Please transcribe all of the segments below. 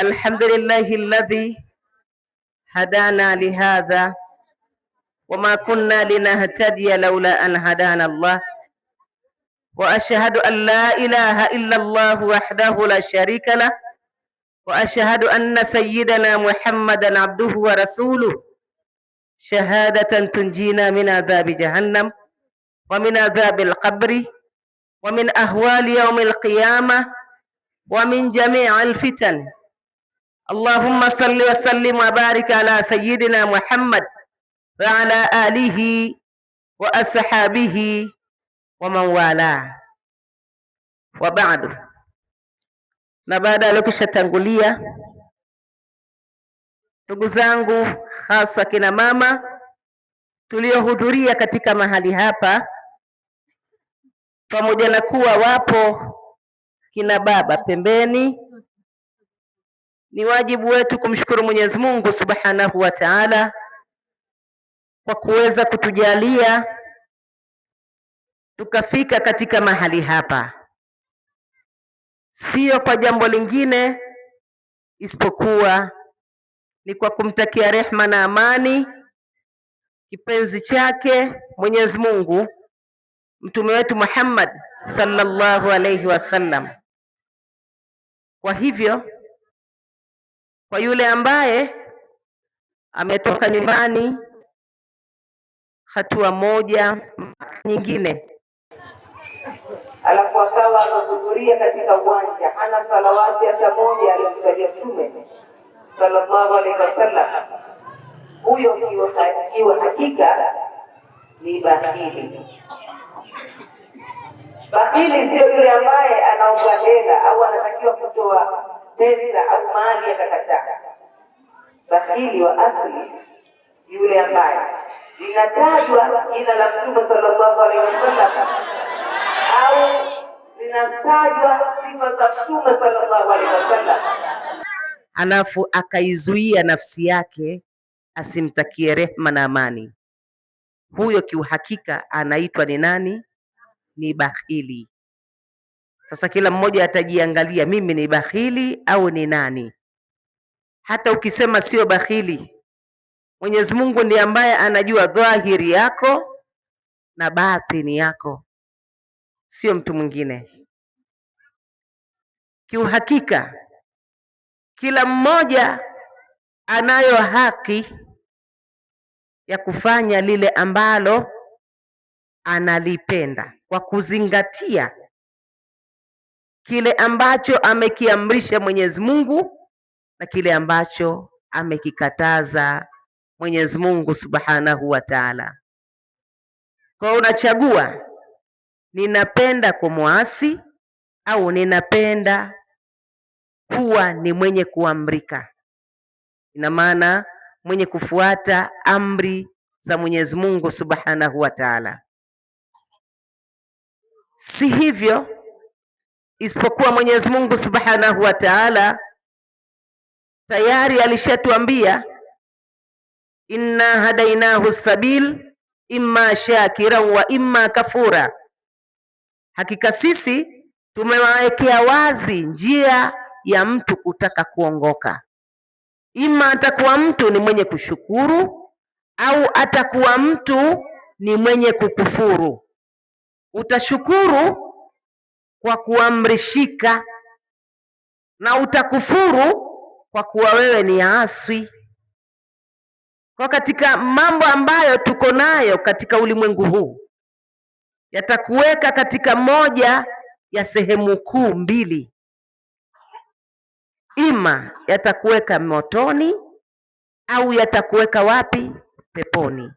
الحمد لله الذي هدانا لهذا وما كنا لنهتدي لولا أن هدانا الله وأشهد أن لا إله إلا الله وحده لا شريك له وأشهد أن سيدنا محمدا عبده ورسوله شهادة تنجينا من عذاب جهنم ومن عذاب القبر ومن أهوال يوم القيامة ومن جميع الفتن Allahumma salli wa sallim wa barik ala sayyidina Muhammad wa ala alihi wa ashabihi wa man wala wa ba'du. Na baada ya tangulia, ndugu zangu, haswa kina mama tuliohudhuria katika mahali hapa, pamoja na kuwa wapo kina baba pembeni ni wajibu wetu kumshukuru Mwenyezi Mungu Subhanahu wa Ta'ala kwa kuweza kutujalia tukafika katika mahali hapa, sio kwa jambo lingine isipokuwa ni kwa kumtakia rehma na amani kipenzi chake Mwenyezi Mungu mtume wetu Muhammad sallallahu alaihi wasallam. Kwa hivyo kwa yule ambaye ametoka nyumbani hatua moja nyingine, alafu akawa anahudhuria katika uwanja, hana salawati hata moja aliyomsalia Mtume sallallahu alaihi wasallam, huyo ikiwa hakika ni bahili. Bahili sio yule ambaye anaomba hela au anatakiwa kutoa fedha au mali akakataa. Bakhili wa asli yule ambaye linatajwa jina la Mtume sallallahu alaihi wasallam au zinatajwa sifa za Mtume sallallahu alaihi wasallam, alafu akaizuia nafsi yake asimtakie rehma na amani, huyo kiuhakika anaitwa ni nani? Ni bakhili. Sasa kila mmoja atajiangalia, mimi ni bakhili au ni nani? Hata ukisema sio bakhili, Mwenyezi Mungu ndiye ambaye anajua dhahiri yako na batini yako, sio mtu mwingine. Kiuhakika kila mmoja anayo haki ya kufanya lile ambalo analipenda kwa kuzingatia kile ambacho amekiamrisha Mwenyezi Mungu na kile ambacho amekikataza Mwenyezi Mungu Subhanahu wa Ta'ala. Kwa unachagua ninapenda kumwasi au ninapenda kuwa ni mwenye kuamrika. Ina maana mwenye kufuata amri za Mwenyezi Mungu Subhanahu wa Ta'ala. Si hivyo isipokuwa Mwenyezi Mungu Subhanahu wa Ta'ala tayari alishatuambia inna hadainahu sabil imma shakiran wa imma kafura, hakika sisi tumewawekea wazi njia ya mtu kutaka kuongoka. Ima atakuwa mtu ni mwenye kushukuru au atakuwa mtu ni mwenye kukufuru. Utashukuru kwa kuamrishika na utakufuru kwa kuwa wewe ni aswi. Kwa katika mambo ambayo tuko nayo katika ulimwengu huu yatakuweka katika moja ya sehemu kuu mbili, ima yatakuweka motoni au yatakuweka wapi? Peponi.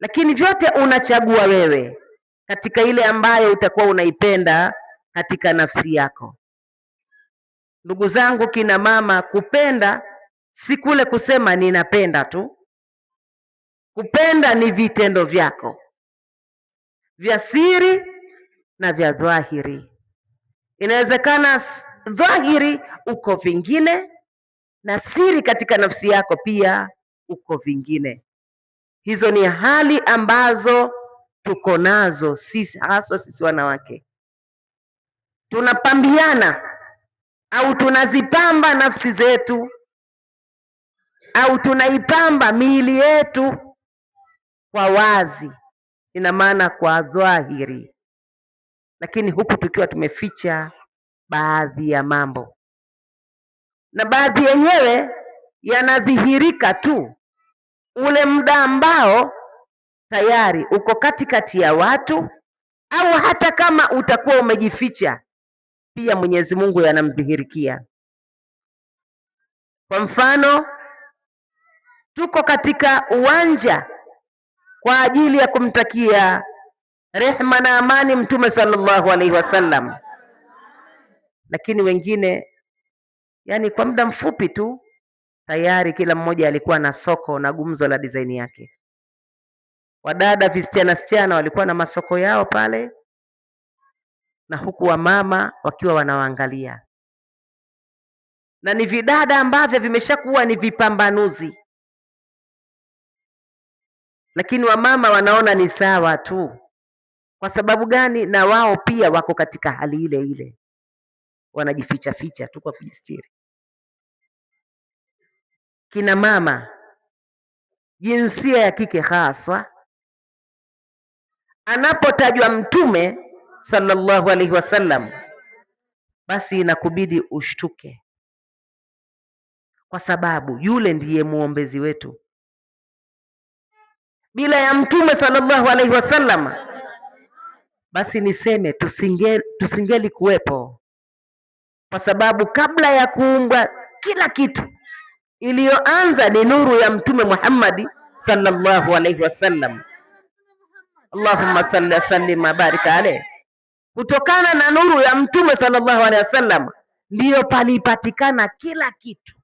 Lakini vyote unachagua wewe katika ile ambayo utakuwa unaipenda katika nafsi yako. Ndugu zangu kina mama, kupenda si kule kusema ninapenda tu. Kupenda ni vitendo vyako vya siri na vya dhahiri. Inawezekana dhahiri uko vingine na siri katika nafsi yako pia uko vingine. Hizo ni hali ambazo tuko nazo sisi, haswa sisi wanawake tunapambiana au tunazipamba nafsi zetu au tunaipamba miili yetu kwa wazi, ina maana kwa dhahiri, lakini huku tukiwa tumeficha baadhi ya mambo, na baadhi yenyewe yanadhihirika tu ule muda ambao tayari uko katikati ya watu, au hata kama utakuwa umejificha pia Mwenyezi Mungu yanamdhihirikia. Kwa mfano, tuko katika uwanja kwa ajili ya kumtakia rehma na amani Mtume sallallahu alaihi wasallam, lakini wengine, yani kwa muda mfupi tu tayari kila mmoja alikuwa na soko na gumzo la design yake. Wadada visichana sichana walikuwa na masoko yao pale na huku wamama wakiwa wanawaangalia, na ni vidada ambavyo vimeshakuwa ni vipambanuzi, lakini wamama wanaona ni sawa tu. Kwa sababu gani? Na wao pia wako katika hali ile ile, wanajificha ficha tu kwa kujistiri. Kina mama jinsia ya kike haswa, anapotajwa Mtume sallallahu alaihi wasallam, basi inakubidi ushtuke, kwa sababu yule ndiye muombezi wetu. Bila ya mtume sallallahu alaihi wasallam, basi niseme tusinge tusingeli kuwepo, kwa sababu kabla ya kuumbwa kila kitu, iliyoanza ni nuru ya mtume Muhammadi sallallahu alaihi wasallam. Allahumma salli wa sallim wa barik alayhi kutokana na nuru ya Mtume sallallahu alaihi wasallam ndiyo palipatikana kila kitu,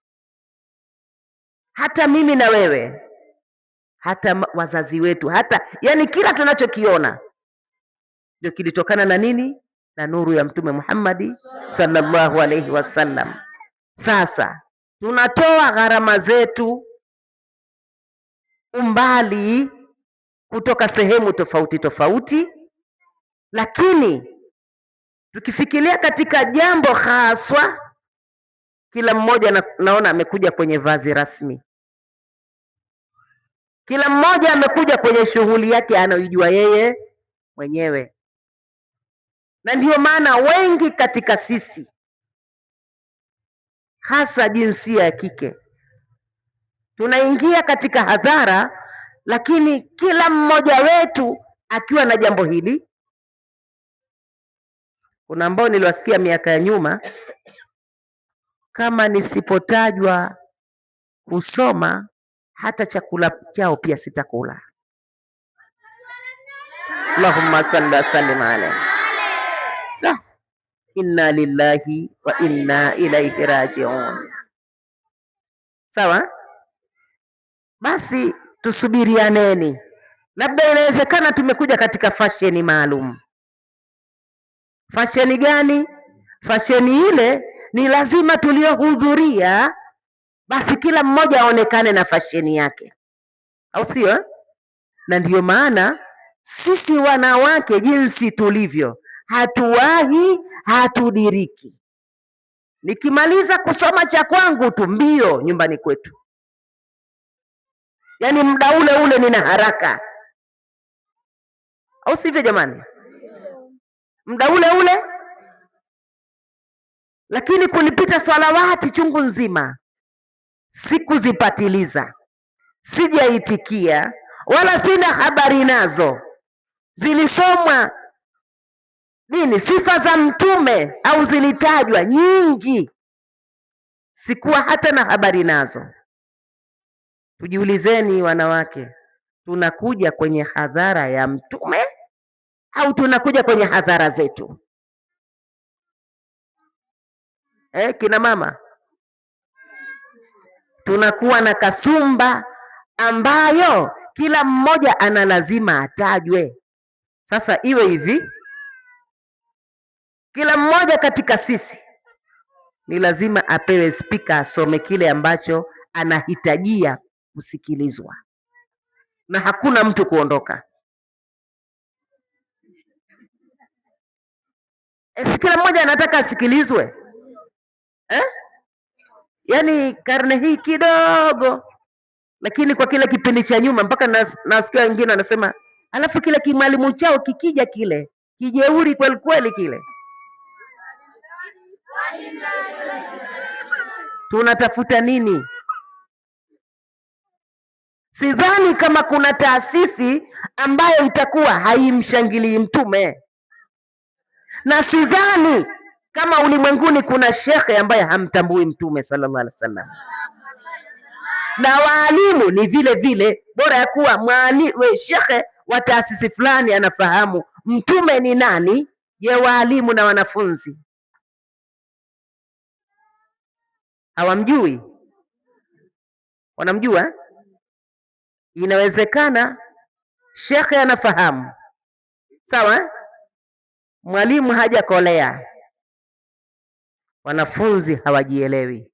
hata mimi na wewe, hata wazazi wetu, hata yani kila tunachokiona ndio kilitokana na nini? Na nuru ya Mtume Muhammadi sallallahu alaihi wasallam. Sasa tunatoa gharama zetu, umbali kutoka sehemu tofauti tofauti, lakini Tukifikiria katika jambo haswa, kila mmoja na, naona amekuja kwenye vazi rasmi, kila mmoja amekuja kwenye shughuli yake anayoijua yeye mwenyewe, na ndiyo maana wengi katika sisi hasa jinsia ya kike tunaingia katika hadhara, lakini kila mmoja wetu akiwa na jambo hili kuna ambao niliwasikia miaka ya nyuma, kama nisipotajwa kusoma hata chakula chao pia sitakula. Allahumma salli wa sallim alayhi. Inna lillahi wa inna ilayhi rajiun. Sawa, basi tusubirianeni, labda inawezekana tumekuja katika fasheni maalum Fasheni gani? Fasheni ile ni lazima tuliyohudhuria, basi kila mmoja aonekane na fasheni yake, au sio Na ndiyo maana sisi wanawake jinsi tulivyo, hatuwahi hatudiriki. Nikimaliza kusoma cha kwangu tu mbio nyumbani kwetu, yaani muda ule ule nina haraka, au sivyo jamani? muda ule ule, lakini kulipita swalawati chungu nzima, sikuzipatiliza, sijaitikia wala sina habari nazo. Zilisomwa nini, sifa za Mtume au zilitajwa nyingi, sikuwa hata na habari nazo. Tujiulizeni wanawake, tunakuja kwenye hadhara ya Mtume au tunakuja kwenye hadhara zetu eh? Kina mama tunakuwa na kasumba ambayo kila mmoja ana lazima atajwe. Sasa iwe hivi, kila mmoja katika sisi ni lazima apewe spika asome kile ambacho anahitajia kusikilizwa na hakuna mtu kuondoka. Eh, si kila mmoja anataka asikilizwe eh? Yaani karne hii kidogo, lakini kwa kile kipindi cha nyuma, mpaka nas, nasikia wengine wanasema, alafu kile kimwalimu chao kikija kile kijeuri kweli kweli, kile tunatafuta nini? Sidhani kama kuna taasisi ambayo itakuwa haimshangilii mtume na sidhani kama ulimwenguni kuna shekhe ambaye hamtambui Mtume sallallahu alaihi wasallam na waalimu ni vile vile. Bora ya kuwa mwalimu shekhe wa taasisi fulani anafahamu Mtume ni nani, ye waalimu na wanafunzi hawamjui. Wanamjua, inawezekana shekhe anafahamu, sawa mwalimu hajakolea, wanafunzi hawajielewi.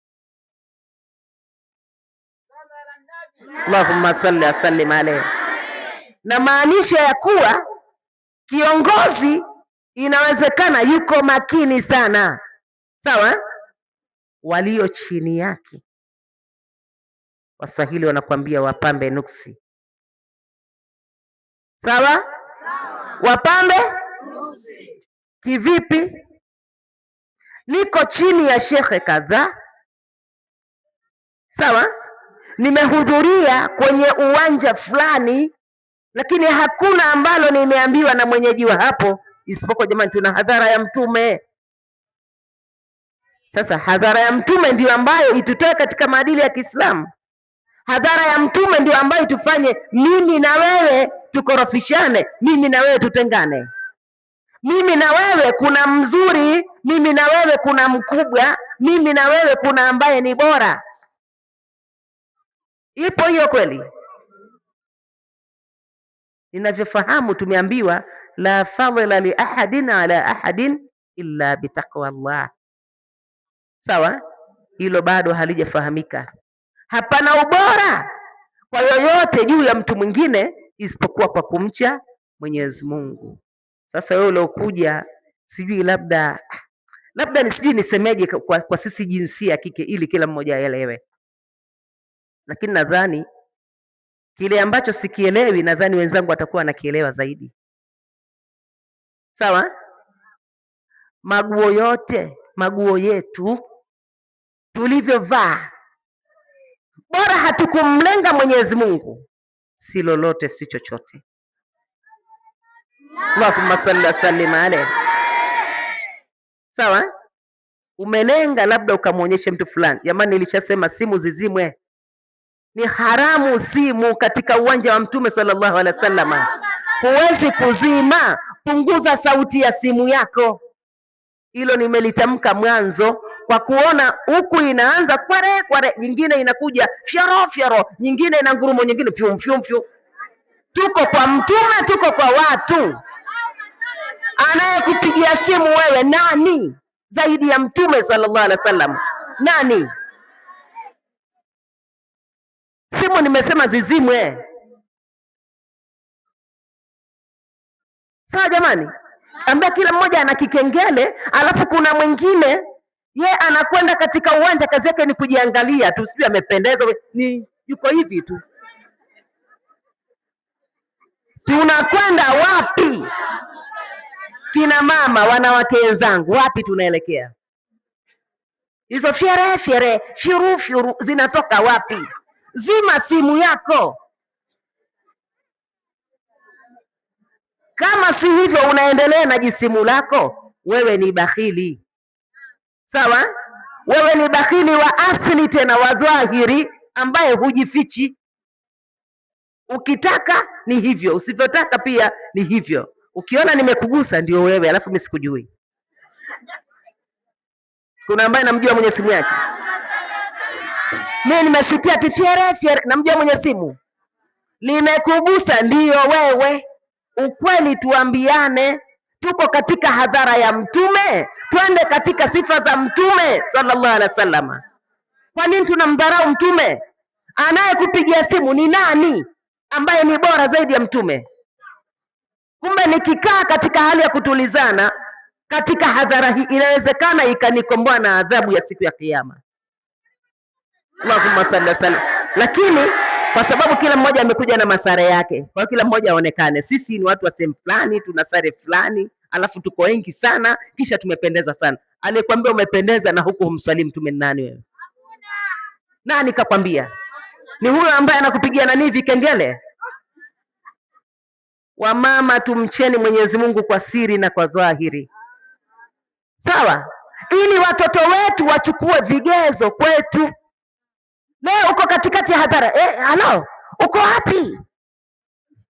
Allahumma salli sallim alayhi. Na maanisha ya kuwa kiongozi inawezekana yuko makini sana, sawa, walio chini yake. Waswahili wanakuambia wapambe nuksi, sawa, wapambe Kivipi? Niko chini ya shekhe kadhaa, sawa, nimehudhuria kwenye uwanja fulani, lakini hakuna ambalo nimeambiwa na mwenyeji wa hapo isipokuwa, jamani, tuna hadhara ya Mtume. Sasa hadhara ya Mtume ndiyo ambayo itutoe katika maadili ya Kiislamu. Hadhara ya Mtume ndiyo ambayo itufanye mimi na wewe tukorofishane, mimi na wewe tutengane. Mimi na wewe kuna mzuri, mimi na wewe kuna mkubwa, mimi na wewe kuna ambaye ni bora. Ipo hiyo kweli? Ninavyofahamu tumeambiwa la fadhila li ahadin ala ahadin illa bitaqwa Allah. Sawa, hilo bado halijafahamika. Hapana ubora kwa yoyote juu ya mtu mwingine isipokuwa kwa kumcha Mwenyezi Mungu. Sasa wewe uliokuja sijui labda labda ni sijui nisemeje kwa, kwa sisi jinsia ya kike ili kila mmoja aelewe, lakini nadhani kile ambacho sikielewi, nadhani wenzangu watakuwa wanakielewa zaidi. Sawa, maguo yote maguo yetu tulivyovaa, bora hatukumlenga Mwenyezi Mungu, si lolote si chochote. Allahumma salli wasallim alayhi. Sawa, umelenga labda ukamwonyeshe mtu fulani. Jamani, nilishasema simu zizimwe, ni haramu simu katika uwanja wa Mtume sallallahu alaihi wasallam. Huwezi kuzima, punguza sauti ya simu yako. Hilo nimelitamka mwanzo kwa kuona huku inaanza kware kware, nyingine inakuja fyoro fyoro, nyingine ina ngurumo, nyingine fyum fyum fyum. Tuko kwa Mtume, tuko kwa watu Anayekupigia simu wewe nani zaidi ya Mtume sallallahu alaihi wasallam? Nani? Simu nimesema zizimwe. Sawa jamani, ambaye kila mmoja ana kikengele, alafu kuna mwingine ye anakwenda katika uwanja, kazi yake ni kujiangalia tu, sijui amependeza, ni yuko hivi tu. Tunakwenda wapi? kina mama, wanawake wenzangu, wapi tunaelekea? Hizo fyerehe fyerehe fyuru fyuru zinatoka wapi? Zima simu yako. Kama si hivyo, unaendelea na jisimu lako, wewe ni bakhili. Sawa, wewe ni bakhili wa asili, tena wa dhahiri, ambaye hujifichi. Ukitaka ni hivyo, usivyotaka pia ni hivyo. Ukiona nimekugusa ndio wewe, alafu mimi sikujui. Kuna ambaye namjua mwenye simu yake? Mimi nimesikia tifiere, namjua mwenye simu. Nimekugusa ndiyo wewe. Ukweli tuambiane, tuko katika hadhara ya Mtume, twende katika sifa za Mtume sallallahu alaihi wasallam. Kwa nini tunamdharau Mtume? Anayekupigia simu ni nani ambaye ni bora zaidi ya Mtume? Kumbe nikikaa katika hali ya kutulizana katika hadhara hii, inawezekana ikanikomboa na adhabu ya siku ya Kiyama. Allahumma salli sallam. Lakini kwa sababu kila mmoja amekuja na masare yake, kwa kila mmoja aonekane, sisi ni watu wa sehemu fulani, tuna sare fulani, alafu tuko wengi sana, kisha tumependeza sana. Aliyekwambia umependeza na huku humswali Mtume nani wewe? Nani kakwambia? Ni huyo ambaye anakupigia nani vikengele Wamama tumcheni Mwenyezi Mungu kwa siri na kwa dhahiri, sawa, ili watoto wetu wachukue vigezo kwetu. Leo uko katikati ya hadhara eh, halo, uko wapi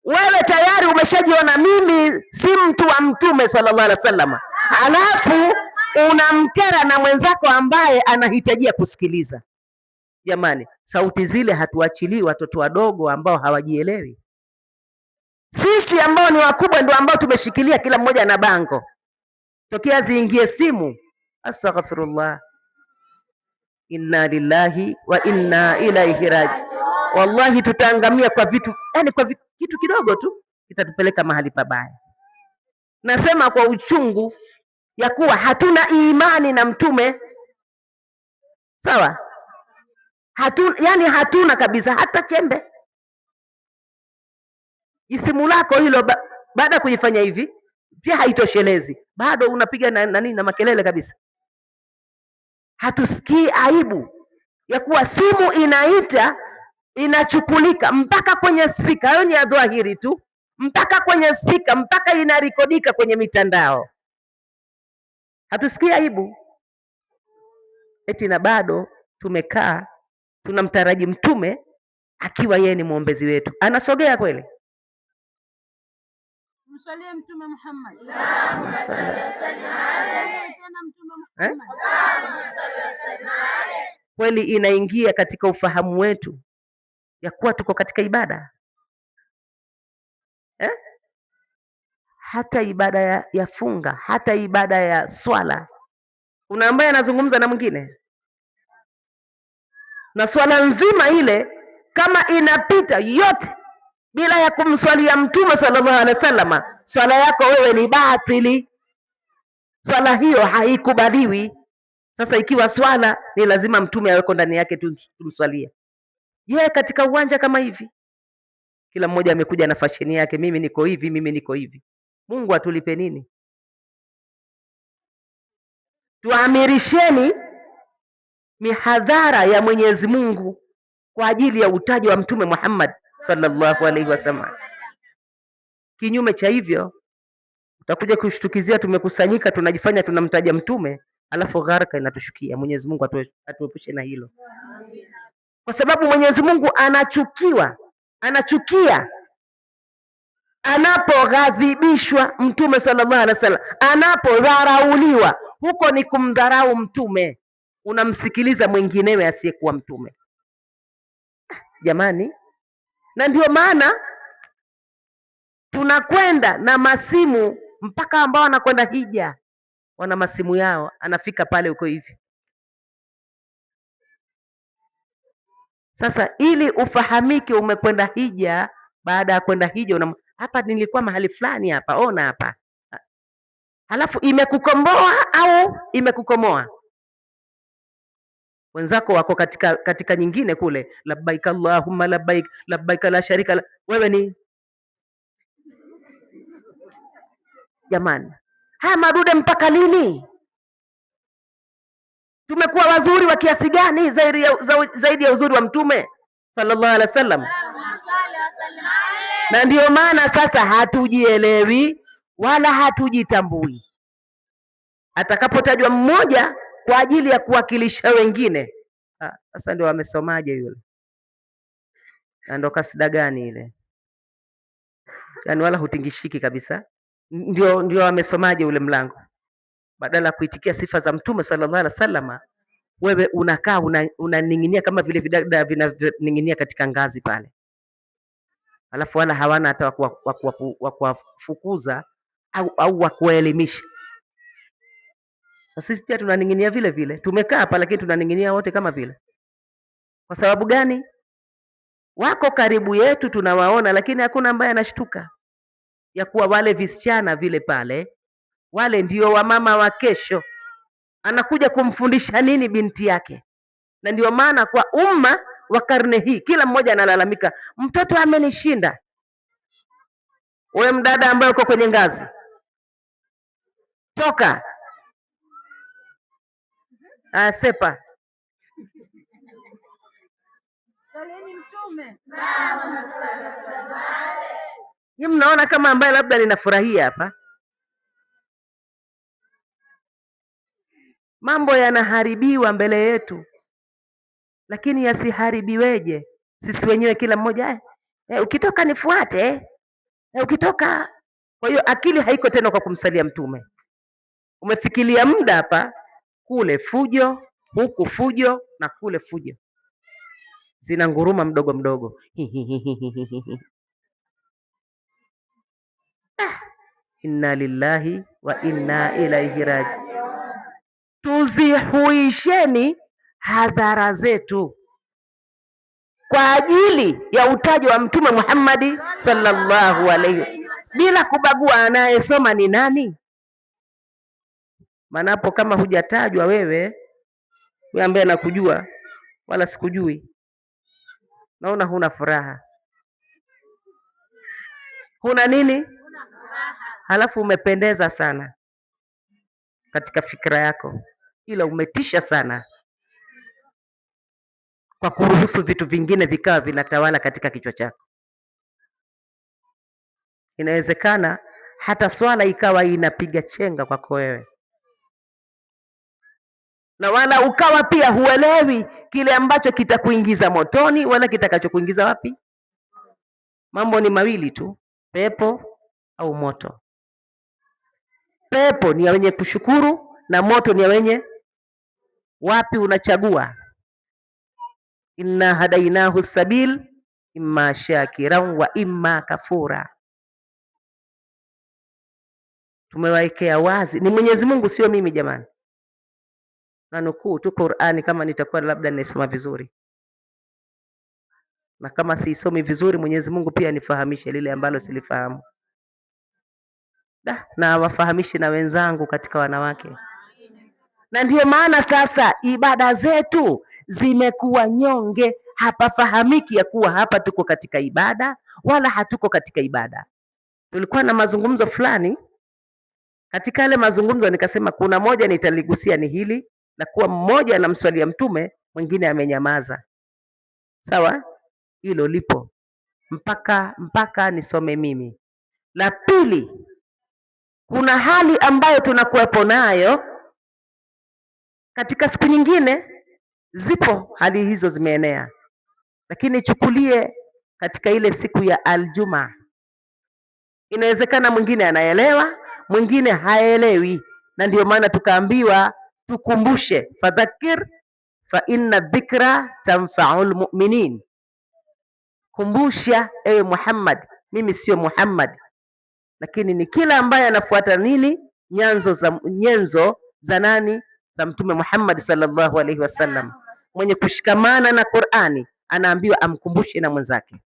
wewe? Tayari umeshajiona mimi si mtu wa Mtume sallallahu alaihi wasallam, alafu unamkera na mwenzako ambaye anahitajia kusikiliza. Jamani, sauti zile hatuachilii watoto wadogo ambao hawajielewi. Sisi ambao ni wakubwa ndio ambao tumeshikilia, kila mmoja na bango tokea ziingie simu. Astaghfirullah, inna lillahi wa inna ilaihi raji. Wallahi tutaangamia kwa vitu yani, kwa vitu, kitu kidogo tu kitatupeleka mahali pabaya. Nasema kwa uchungu ya kuwa hatuna imani na Mtume, sawa? Hatuna yani, hatuna kabisa hata chembe isimu lako hilo ba, baada ya kujifanya hivi pia haitoshelezi, bado unapiga na nani na makelele kabisa. Hatusikii aibu ya kuwa simu inaita inachukulika mpaka kwenye spika. Hayo ni ya dhahiri tu, mpaka kwenye spika, mpaka inarikodika kwenye mitandao. Hatusikii aibu eti, na bado tumekaa tunamtaraji mtume akiwa yeye ni mwombezi wetu. Anasogea kweli? Mswalie Mtume eh? Muhammad kweli Inaingia katika ufahamu wetu ya kuwa tuko katika ibada eh? Hata ibada ya, ya funga hata ibada ya swala, kuna ambaye anazungumza na mwingine na swala nzima ile, kama inapita yote bila ya kumswalia Mtume sallallahu alaihi wasallam, swala yako wewe ni batili, swala hiyo haikubaliwi. Sasa ikiwa swala ni lazima Mtume aweko ndani yake, tumswalie yeah, katika uwanja kama hivi. Kila mmoja amekuja na fasheni yake, mimi niko hivi, mimi niko hivi. Mungu atulipe nini? Tuamirisheni mihadhara ya Mwenyezi Mungu kwa ajili ya utaji wa Mtume Muhammad sallallahu alaihi wasallam. Kinyume cha hivyo utakuja kushtukizia tumekusanyika, tunajifanya tunamtaja Mtume, alafu gharka inatushukia. Mwenyezi Mungu atuepushe na hilo, kwa sababu Mwenyezi Mungu anachukiwa, anachukia anapoghadhibishwa Mtume sallallahu alaihi wasallam, anapodharauliwa. Huko ni kumdharau Mtume, unamsikiliza mwinginewe asiyekuwa Mtume. Jamani, na ndio maana tunakwenda na masimu mpaka ambao wanakwenda hija wana masimu yao, anafika pale huko hivi. Sasa ili ufahamike umekwenda hija, baada ya kwenda hija una hapa, nilikuwa mahali fulani hapa, ona hapa, halafu imekukomboa au imekukomoa wenzako wako katika, katika nyingine kule, labbaik allahumma labbaik labbaik la sharika la. Wewe ni jamani, haya madude mpaka lini? Tumekuwa wazuri wa kiasi gani zaidi ya, zaidi ya uzuri wa Mtume sallallahu alaihi wasallam? Na ndiyo maana sasa hatujielewi wala hatujitambui. Atakapotajwa mmoja kwa ajili ya kuwakilisha wengine. Ah, sasa ndio wamesomaje yule? Na ndo kasida gani ile? Yaani wala hutingishiki kabisa. Ndio, ndio wamesomaje ule mlango? Badala ya kuitikia sifa za Mtume sallallahu alaihi wasallam, wewe unakaa unaning'inia, una kama vile vidada vinavyoning'inia katika ngazi pale, alafu wala hawana hata wakuwafukuza au, au wakuwaelimisha. Na sisi pia tunaning'inia vile vile, tumekaa hapa lakini tunaning'inia wote kama vile. Kwa sababu gani? Wako karibu yetu, tunawaona, lakini hakuna ambaye anashtuka ya kuwa wale visichana vile pale, wale ndio wamama wa kesho. Anakuja kumfundisha nini binti yake? Na ndio maana kwa umma wa karne hii kila mmoja analalamika, mtoto amenishinda. Wewe mdada ambaye uko kwenye ngazi, toka Uh, sepa ni mnaona kama ambaye labda ninafurahia hapa, mambo yanaharibiwa mbele yetu, lakini yasiharibiweje sisi wenyewe? Kila mmoja eh, eh ukitoka nifuate eh? eh, ukitoka. Kwa hiyo akili haiko tena kwa kumsalia Mtume, umefikilia muda hapa kule fujo, huku fujo na kule fujo, zina nguruma mdogo mdogo. Ah, inna lillahi wa inna ilaihi raji. Tuzihuisheni hadhara zetu kwa ajili ya utaji wa Mtume Muhammadi sallallahu alaihi, bila kubagua anayesoma ni nani. Maanapo kama hujatajwa wewe, wewe ambaye nakujua wala sikujui, naona huna furaha, huna nini, halafu umependeza sana katika fikra yako, ila umetisha sana kwa kuruhusu vitu vingine vikawa vinatawala katika kichwa chako. Inawezekana hata swala ikawa inapiga chenga kwako wewe na wala ukawa pia huelewi kile ambacho kitakuingiza motoni wala kitakachokuingiza wapi. Mambo ni mawili tu, pepo au moto. Pepo ni ya wenye kushukuru na moto ni ya wenye wapi. Unachagua. inna hadainahu sabil imma shakiran wa imma kafura. Tumewawekea wazi, ni Mwenyezi Mungu, sio mimi jamani na nukuu tu Qur'ani kama nitakuwa labda nisoma vizuri, na kama siisomi vizuri, Mwenyezi Mungu pia anifahamishe lile ambalo silifahamu, da, na wafahamishe na wenzangu katika wanawake. Na ndiyo maana sasa ibada zetu zimekuwa nyonge, hapafahamiki ya kuwa hapa tuko katika ibada wala hatuko katika ibada. Tulikuwa na mazungumzo fulani katika yale mazungumzo nikasema kuna moja nitaligusia ni hili, na kuwa mmoja anamswalia Mtume, mwingine amenyamaza. Sawa, hilo lipo mpaka mpaka nisome mimi. La pili, kuna hali ambayo tunakuwepo nayo katika siku nyingine, zipo hali hizo zimeenea, lakini chukulie katika ile siku ya Aljuma, inawezekana mwingine anaelewa, mwingine haelewi, na ndio maana tukaambiwa tukumbushe, fadhakir fa inna dhikra tanfaul mu'minin, kumbusha ewe Muhammad. Mimi siyo Muhammad, lakini ni kila ambaye anafuata nini nyanzo za, nyenzo za nani za Mtume Muhammad sallallahu alaihi wasallam. Mwenye kushikamana na Qur'ani anaambiwa amkumbushe na mwenzake.